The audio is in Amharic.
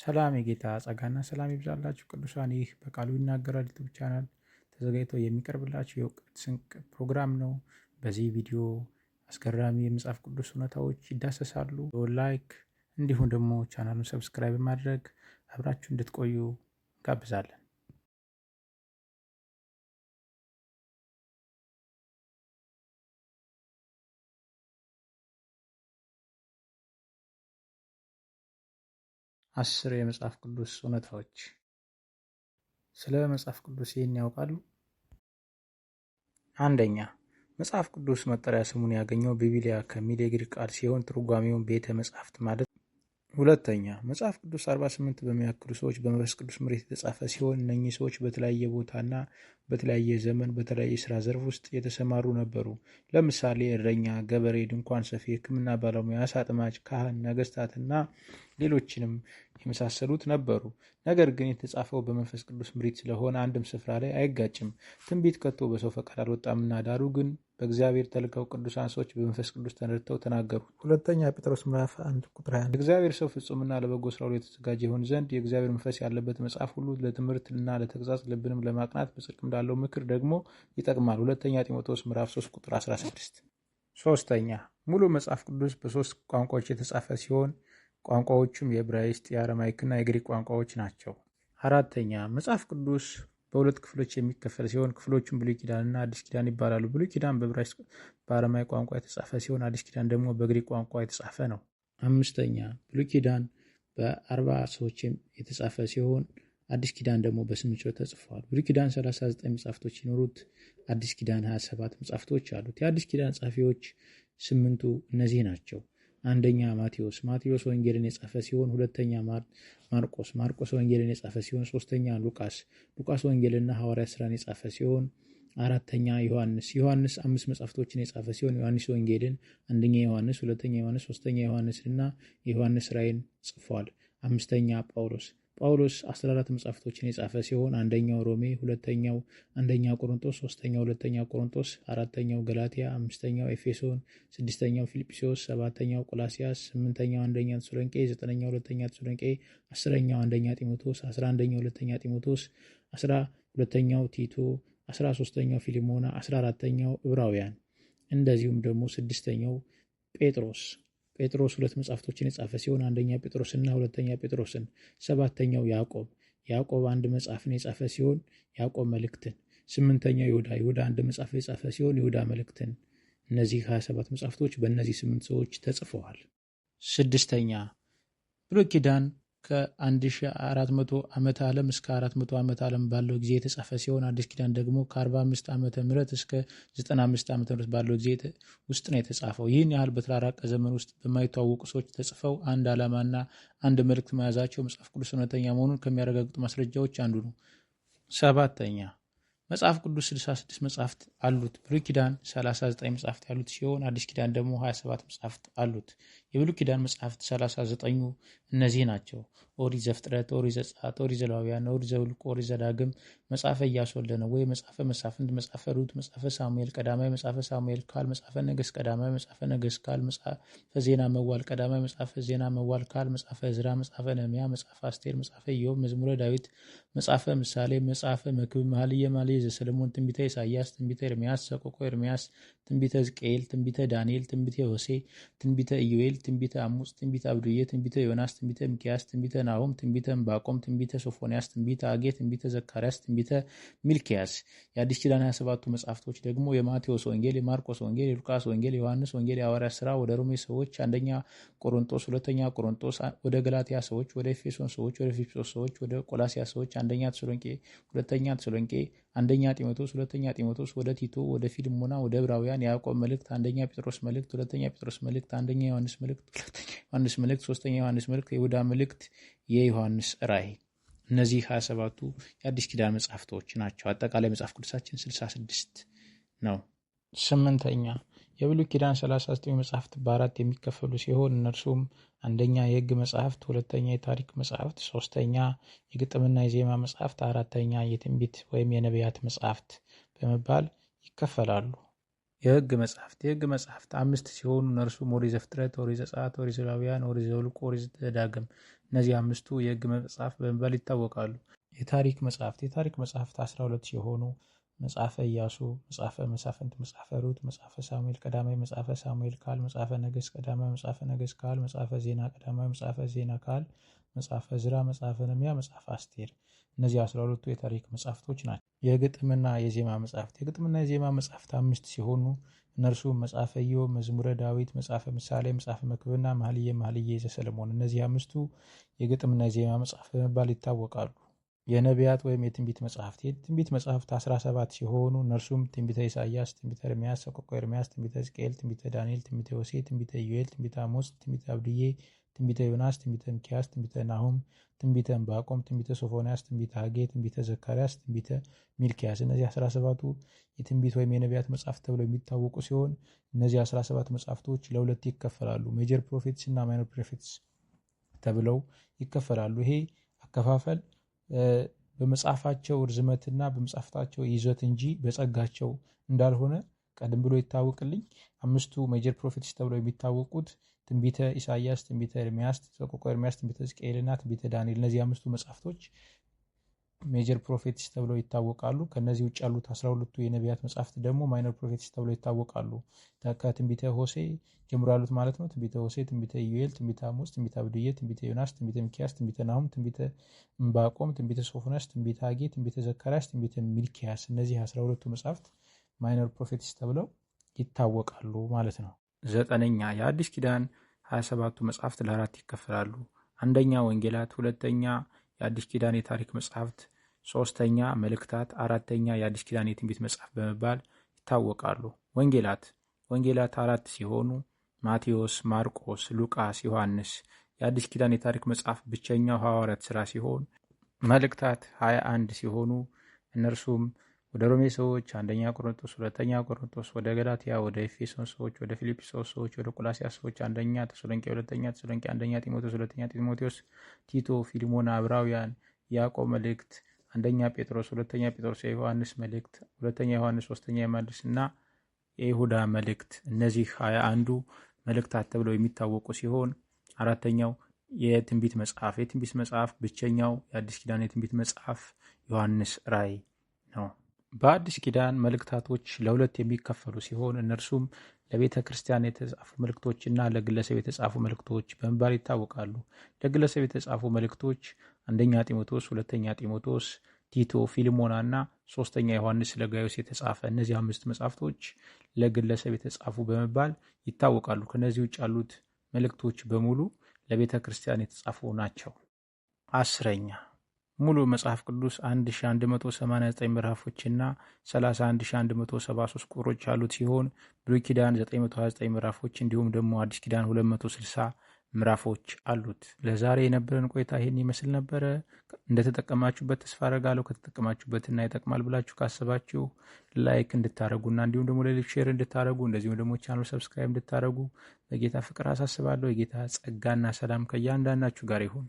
ሰላም የጌታ ጸጋና ሰላም ይብዛላችሁ ቅዱሳን። ይህ በቃሉ ይናገራል ዩቱብ ቻናል ተዘጋጅቶ የሚቀርብላችሁ የእውቀት ስንቅ ፕሮግራም ነው። በዚህ ቪዲዮ አስገራሚ የመጽሐፍ ቅዱስ እውነታዎች ይዳሰሳሉ። ላይክ እንዲሁም ደግሞ ቻናሉን ሰብስክራይብ ማድረግ አብራችሁ እንድትቆዩ እንጋብዛለን። አስር የመጽሐፍ ቅዱስ እውነታዎች። ስለ መጽሐፍ ቅዱስ ይህን ያውቃሉ? አንደኛ መጽሐፍ ቅዱስ መጠሪያ ስሙን ያገኘው ቢቢሊያ ከሚል የግሪክ ቃል ሲሆን ትርጓሜውን ቤተ መጽሐፍት ማለት ሁለተኛ መጽሐፍ ቅዱስ 48 በሚያክሉ ሰዎች በመንፈስ ቅዱስ ምሬት የተጻፈ ሲሆን እነኚህ ሰዎች በተለያየ ቦታና በተለያየ ዘመን በተለያየ ስራ ዘርፍ ውስጥ የተሰማሩ ነበሩ። ለምሳሌ እረኛ፣ ገበሬ፣ ድንኳን ሰፊ፣ ሕክምና ባለሙያ፣ አሳ አጥማጅ፣ ካህን፣ ነገስታትና ሌሎችንም የመሳሰሉት ነበሩ። ነገር ግን የተጻፈው በመንፈስ ቅዱስ ምሪት ስለሆነ አንድም ስፍራ ላይ አይጋጭም። ትንቢት ከቶ በሰው ፈቃድ አልወጣምና ዳሩ ግን በእግዚአብሔር ተልከው ቅዱሳን ሰዎች በመንፈስ ቅዱስ ተነድተው ተናገሩ። ሁለተኛ ጴጥሮስ ምዕራፍ አንድ ቁጥር ሀያ እግዚአብሔር ሰው ፍጹምና ለበጎ ስራ ሁሉ የተዘጋጀ ይሆን ዘንድ የእግዚአብሔር መንፈስ ያለበት መጽሐፍ ሁሉ ለትምህርት ና ለተግሳጽ ልብንም ለማቅናት በጽድቅ እንዳለው ምክር ደግሞ ይጠቅማል። ሁለተኛ ጢሞቴዎስ ምዕራፍ 3 ቁጥር 16። ሶስተኛ ሙሉ መጽሐፍ ቅዱስ በሶስት ቋንቋዎች የተጻፈ ሲሆን ቋንቋዎቹም የዕብራይስጥ የአረማይክና የግሪክ ቋንቋዎች ናቸው። አራተኛ መጽሐፍ ቅዱስ በሁለት ክፍሎች የሚከፈል ሲሆን ክፍሎቹም ብሉይ ኪዳንና አዲስ ኪዳን ይባላሉ። ብሉይ ኪዳን በዕብራይስጥ በአረማይ ቋንቋ የተጻፈ ሲሆን አዲስ ኪዳን ደግሞ በግሪክ ቋንቋ የተጻፈ ነው። አምስተኛ ብሉይ ኪዳን በአርባ ሰዎች የተጻፈ ሲሆን አዲስ ኪዳን ደግሞ በስምንት ተጽፈዋል ተጽፏል። ብሉይ ኪዳን 39 መጽሐፍቶች ሲኖሩት አዲስ ኪዳን 27 መጽሐፍቶች አሉት። የአዲስ ኪዳን ጸሐፊዎች ስምንቱ እነዚህ ናቸው። አንደኛ ማቴዎስ ማቴዎስ ወንጌልን የጻፈ ሲሆን፣ ሁለተኛ ማርቆስ ማርቆስ ወንጌልን የጻፈ ሲሆን፣ ሶስተኛ ሉቃስ ሉቃስ ወንጌልና ሐዋርያ ስራን የጻፈ ሲሆን፣ አራተኛ ዮሐንስ ዮሐንስ አምስት መጻሕፍቶችን የጻፈ ሲሆን፣ ዮሐንስ ወንጌልን፣ አንደኛ ዮሐንስ፣ ሁለተኛ ዮሐንስ፣ ሶስተኛ እና የዮሐንስ ራእይን ጽፏል። አምስተኛ ጳውሎስ ጳውሎስ 14 መጻሕፍቶችን የጻፈ ሲሆን አንደኛው ሮሜ፣ ሁለተኛው አንደኛ ቆሮንቶስ፣ ሶስተኛው ሁለተኛ ቆሮንቶስ፣ አራተኛው ገላትያ፣ አምስተኛው ኤፌሶን፣ ስድስተኛው ፊልጵስዮስ፣ ሰባተኛው ቆላሲያስ፣ ስምንተኛው አንደኛ ተሰሎንቄ፣ ዘጠነኛው ሁለተኛ ተሰሎንቄ፣ አስረኛው አንደኛ ጢሞቴዎስ፣ አስራ አንደኛው ሁለተኛ ጢሞቴዎስ፣ አስራ ሁለተኛው ቲቶ፣ አስራ ሶስተኛው ፊልሞና፣ አስራ አራተኛው ዕብራውያን እንደዚሁም ደግሞ ስድስተኛው ጴጥሮስ ጴጥሮስ ሁለት መጽሐፍቶችን የጻፈ ሲሆን አንደኛ ጴጥሮስና ሁለተኛ ጴጥሮስን፣ ሰባተኛው ያዕቆብ ያዕቆብ አንድ መጽሐፍን የጻፈ ሲሆን ያዕቆብ መልእክትን፣ ስምንተኛው ይሁዳ ይሁዳ አንድ መጽሐፍ የጻፈ ሲሆን ይሁዳ መልእክትን። እነዚህ 27 መጽሐፍቶች በእነዚህ ስምንት ሰዎች ተጽፈዋል። ስድስተኛ ብሉይ ኪዳን ከ1400 ዓመት ዓለም እስከ 400 ዓመት ዓለም ባለው ጊዜ የተጻፈ ሲሆን አዲስ ኪዳን ደግሞ ከ45 ዓመተ ምህረት እስከ 95 ዓመተ ምህረት ባለው ጊዜ ውስጥ ነው የተጻፈው። ይህን ያህል በተራራቀ ዘመን ውስጥ በማይተዋወቁ ሰዎች ተጽፈው አንድ ዓላማና አንድ መልእክት መያዛቸው መጽሐፍ ቅዱስ እውነተኛ መሆኑን ከሚያረጋግጡ ማስረጃዎች አንዱ ነው። ሰባተኛ መጽሐፍ ቅዱስ 66 መጽሐፍት አሉት። ብሉይ ኪዳን 39 መጽሐፍት ያሉት ሲሆን አዲስ ኪዳን ደግሞ 27 መጽሐፍት አሉት። የብሉይ ኪዳን መጽሐፍት 39 ዘጠኙ እነዚህ ናቸው። ኦሪት ዘፍጥረት፣ ኦሪት ዘጸአት፣ ኦሪት ዘሌዋውያን፣ ኦሪት ዘኍልቍ፣ ኦሪት ዘዳግም፣ መጽሐፈ ኢያሱ ወልደ ነዌ፣ መጽሐፈ መሳፍንት፣ መጽሐፈ ሩት፣ መጽሐፈ ሳሙኤል ቀዳማዊ፣ መጽሐፈ ሳሙኤል ካል፣ መጽሐፈ ነገሥት ቀዳማዊ፣ መጽሐፈ ነገሥት ካል፣ መጽሐፈ ዜና መዋዕል ቀዳማዊ፣ መጽሐፈ ዜና መዋዕል ካል፣ መጽሐፈ ዕዝራ፣ መጽሐፈ ነህምያ፣ መጽሐፈ አስቴር፣ መጽሐፈ ኢዮብ፣ መዝሙረ ዳዊት፣ መጽሐፈ ምሳሌ፣ መጽሐፈ መክብብ፣ መኃልየ መኃልይ ዘሰሎሞን፣ ትንቢተ ኢሳይያስ፣ ትንቢተ ኤርምያስ፣ ሰቆቃወ ኤርምያስ፣ ትንቢተ ሕዝቅኤል፣ ትንቢተ ዳንኤል፣ ትንቢተ ሆሴዕ፣ ትንቢተ ኢዮኤል ሕዝቅኤል፣ ትንቢተ አሞጽ፣ ትንቢተ አብድዬ፣ ትንቢተ ዮናስ፣ ትንቢተ ሚክያስ፣ ትንቢተ ናሆም፣ ትንቢተ ዕንባቆም፣ ትንቢተ ሶፎንያስ፣ ትንቢተ አጌ፣ ትንቢተ ዘካርያስ፣ ትንቢተ ሚልኪያስ። የአዲስ ኪዳን 27ቱ መጽሐፍቶች ደግሞ የማቴዎስ ወንጌል፣ የማርቆስ ወንጌል፣ የሉቃስ ወንጌል፣ የዮሐንስ ወንጌል፣ የሐዋርያት ስራ፣ ወደ ሮሜ ሰዎች አንደኛ ቆሮንጦስ፣ ሁለተኛ ቆሮንጦስ፣ ወደ ገላትያ ሰዎች፣ ወደ ኤፌሶን ሰዎች፣ ወደ ፊልጵስዩስ ሰዎች፣ ወደ ቆላሲያ ሰዎች አንደኛ ተሰሎንቄ፣ ሁለተኛ ተሰሎንቄ አንደኛ ጢሞቴዎስ፣ ሁለተኛ ጢሞቴዎስ፣ ወደ ቲቶ፣ ወደ ፊልሞና፣ ወደ ዕብራውያን፣ ያዕቆብ መልእክት፣ አንደኛ ጴጥሮስ መልእክት፣ ሁለተኛ ጴጥሮስ መልእክት፣ አንደኛ ዮሐንስ መልእክት፣ ሁለተኛ ዮሐንስ መልእክት፣ ሶስተኛ ዮሐንስ መልእክት፣ የይሁዳ መልእክት፣ የዮሐንስ ራእይ። እነዚህ 27ቱ የአዲስ ኪዳን መጽሐፍቶች ናቸው። አጠቃላይ መጽሐፍ ቅዱሳችን 66 ነው። ስምንተኛ የብሉይ ኪዳን 39 መጽሐፍት በአራት የሚከፈሉ ሲሆን እነርሱም አንደኛ የሕግ መጽሐፍት ሁለተኛ የታሪክ መጽሐፍት ሶስተኛ የግጥምና የዜማ መጽሐፍት አራተኛ የትንቢት ወይም የነቢያት መጽሐፍት በመባል ይከፈላሉ። የሕግ መጽሐፍት የሕግ መጽሐፍት አምስት ሲሆኑ እነርሱም ኦሪት ዘፍጥረት፣ ኦሪት ዘጸአት፣ ኦሪት ዘሌዋውያን፣ ኦሪት ዘኍልቍ፣ ኦሪት ዘዳግም። እነዚህ አምስቱ የሕግ መጽሐፍት በመባል ይታወቃሉ። የታሪክ መጽሐፍት የታሪክ መጽሐፍት አስራ ሁለት ሲሆኑ መጽሐፈ ኢያሱ፣ መጽሐፈ መሳፍንት፣ መጽሐፈ ሩት፣ መጽሐፈ ሳሙኤል ቀዳማዊ፣ መጽሐፈ ሳሙኤል ካል፣ መጽሐፈ ነገስት ቀዳማዊ፣ መጽሐፈ ነገስት ካል፣ መጽሐፈ ዜና ቀዳማዊ፣ መጽሐፈ ዜና ካል፣ መጽሐፈ ዝራ፣ መጽሐፈ ነሚያ፣ መጽሐፈ አስቴር። እነዚህ አስራ ሁለቱ የታሪክ መጽሐፍቶች ናቸው። የግጥምና የዜማ መጽሐፍት የግጥምና የዜማ መጽሐፍት አምስት ሲሆኑ እነርሱ መጽሐፈ ዮ፣ መዝሙረ ዳዊት፣ መጽሐፈ ምሳሌ፣ መጽሐፈ መክብና መኃልየ መኃልየ ዘሰለሞን። እነዚህ አምስቱ የግጥምና የዜማ መጽሐፍ በመባል ይታወቃሉ። የነቢያት ወይም የትንቢት መጽሐፍት የትንቢት መጽሐፍት 17 ሲሆኑ እነርሱም ትንቢተ ኢሳያስ፣ ትንቢተ ኤርምያስ፣ ሰቆቃወ ኤርምያስ፣ ትንቢተ ሕዝቅኤል፣ ትንቢተ ዳንኤል፣ ትንቢተ ዮሴ፣ ትንቢተ ዩኤል፣ ትንቢተ አሞጽ፣ ትንቢተ አብድዬ፣ ትንቢተ ዮናስ፣ ትንቢተ ሚኪያስ፣ ትንቢተ ናሁም፣ ትንቢተ ዕንባቆም፣ ትንቢተ ሶፎንያስ፣ ትንቢተ ሐጌ፣ ትንቢተ ዘካርያስ፣ ትንቢተ ሚልኪያስ። እነዚህ 17ቱ የትንቢት ወይም የነቢያት መጽሐፍት ተብለው የሚታወቁ ሲሆን እነዚህ 17 መጽሐፍቶች ለሁለት ይከፈላሉ። ሜጀር ፕሮፌትስ እና ማይኖር ፕሮፌትስ ተብለው ይከፈላሉ። ይሄ አከፋፈል በመጽሐፋቸው ርዝመትና በመጽሐፍታቸው ይዘት እንጂ በጸጋቸው እንዳልሆነ ቀደም ብሎ ይታወቅልኝ። አምስቱ ሜጀር ፕሮፌትስ ተብለው የሚታወቁት ትንቢተ ኢሳያስ፣ ትንቢተ ኤርሚያስ፣ ሰቆቃወ ኤርሚያስ፣ ትንቢተ ሕዝቅኤልና ትንቢተ ዳንኤል እነዚህ አምስቱ መጽሐፍቶች ሜጀር ፕሮፌትስ ተብለው ይታወቃሉ። ከነዚህ ውጭ ያሉት አስራ ሁለቱ የነቢያት መጽሐፍት ደግሞ ማይነር ፕሮፌትስ ተብለው ይታወቃሉ። ከትንቢተ ሆሴ ጀምሮ ያሉት ማለት ነው። ትንቢተ ሆሴ፣ ትንቢተ ኢዩኤል፣ ትንቢተ አሞጽ፣ ትንቢተ አብድየ፣ ትንቢተ ዮናስ፣ ትንቢተ ሚኪያስ፣ ትንቢተ ናሁም፣ ትንቢተ እምባቆም፣ ትንቢተ ሶፎንያስ፣ ትንቢተ አጌ፣ ትንቢተ ዘካርያስ፣ ትንቢተ ሚልኪያስ እነዚህ አስራ ሁለቱ መጻሕፍት ማይነር ፕሮፌትስ ተብለው ይታወቃሉ ማለት ነው። ዘጠነኛ የአዲስ ኪዳን ሀያ ሰባቱ መጽሐፍት ለአራት ይከፈላሉ። አንደኛ ወንጌላት፣ ሁለተኛ የአዲስ ኪዳን የታሪክ መጽሐፍት፣ ሶስተኛ መልእክታት፣ አራተኛ የአዲስ ኪዳን የትንቢት መጽሐፍ በመባል ይታወቃሉ። ወንጌላት ወንጌላት አራት ሲሆኑ ማቴዎስ፣ ማርቆስ፣ ሉቃስ፣ ዮሐንስ የአዲስ ኪዳን የታሪክ መጽሐፍ ብቸኛው ሐዋርያት ሥራ ሲሆን መልእክታት 21 ሲሆኑ እነርሱም ወደ ሮሜ ሰዎች፣ አንደኛ ቆሮንቶስ፣ ሁለተኛ ቆሮንቶስ፣ ወደ ገላትያ፣ ወደ ኤፌሶን ሰዎች፣ ወደ ፊልጵስዩስ ሰዎች፣ ወደ ቆላሲያ ሰዎች፣ አንደኛ ተሰሎንቄ፣ ሁለተኛ ተሰሎንቄ፣ አንደኛ ጢሞቴዎስ፣ ሁለተኛ ጢሞቴዎስ፣ ቲቶ፣ ፊልሞና፣ አብራውያን፣ ያዕቆብ መልእክት፣ አንደኛ ጴጥሮስ፣ ሁለተኛ ጴጥሮስ፣ የዮሐንስ መልእክት፣ ሁለተኛ ዮሐንስ፣ ሶስተኛ የማድስ እና የይሁዳ መልእክት። እነዚህ ሀያ አንዱ መልእክታት ተብለው የሚታወቁ ሲሆን አራተኛው የትንቢት መጽሐፍ የትንቢት መጽሐፍ ብቸኛው የአዲስ ኪዳን የትንቢት መጽሐፍ ዮሐንስ ራእይ ነው። በአዲስ ኪዳን መልእክታቶች ለሁለት የሚከፈሉ ሲሆን እነርሱም ለቤተ ክርስቲያን የተጻፉ መልእክቶች እና ለግለሰብ የተጻፉ መልእክቶች በመባል ይታወቃሉ። ለግለሰብ የተጻፉ መልእክቶች አንደኛ ጢሞቴዎስ፣ ሁለተኛ ጢሞቴዎስ፣ ቲቶ፣ ፊልሞና እና ሶስተኛ ዮሐንስ ለጋዮስ የተጻፈ እነዚህ አምስት መጻሕፍቶች ለግለሰብ የተጻፉ በመባል ይታወቃሉ። ከእነዚህ ውጭ ያሉት መልእክቶች በሙሉ ለቤተ ክርስቲያን የተጻፉ ናቸው። አስረኛ ሙሉ መጽሐፍ ቅዱስ 1189 ምዕራፎችና 31173 ቁጥሮች ያሉት ሲሆን ብሉይ ኪዳን 929 ምዕራፎች እንዲሁም ደግሞ አዲስ ኪዳን 260 ምዕራፎች አሉት። ለዛሬ የነበረን ቆይታ ይህን ይመስል ነበረ። እንደተጠቀማችሁበት ተስፋ አረጋለሁ። ከተጠቀማችሁበትና ይጠቅማል ብላችሁ ካስባችሁ ላይክ እንድታደረጉና እንዲሁም ደግሞ ሌሎች ሼር እንድታደረጉ እንደዚሁም ደግሞ ቻናሉ ሰብስክራይብ እንድታደረጉ በጌታ ፍቅር አሳስባለሁ። የጌታ ጸጋና ሰላም ከእያንዳንዳችሁ ጋር ይሁን።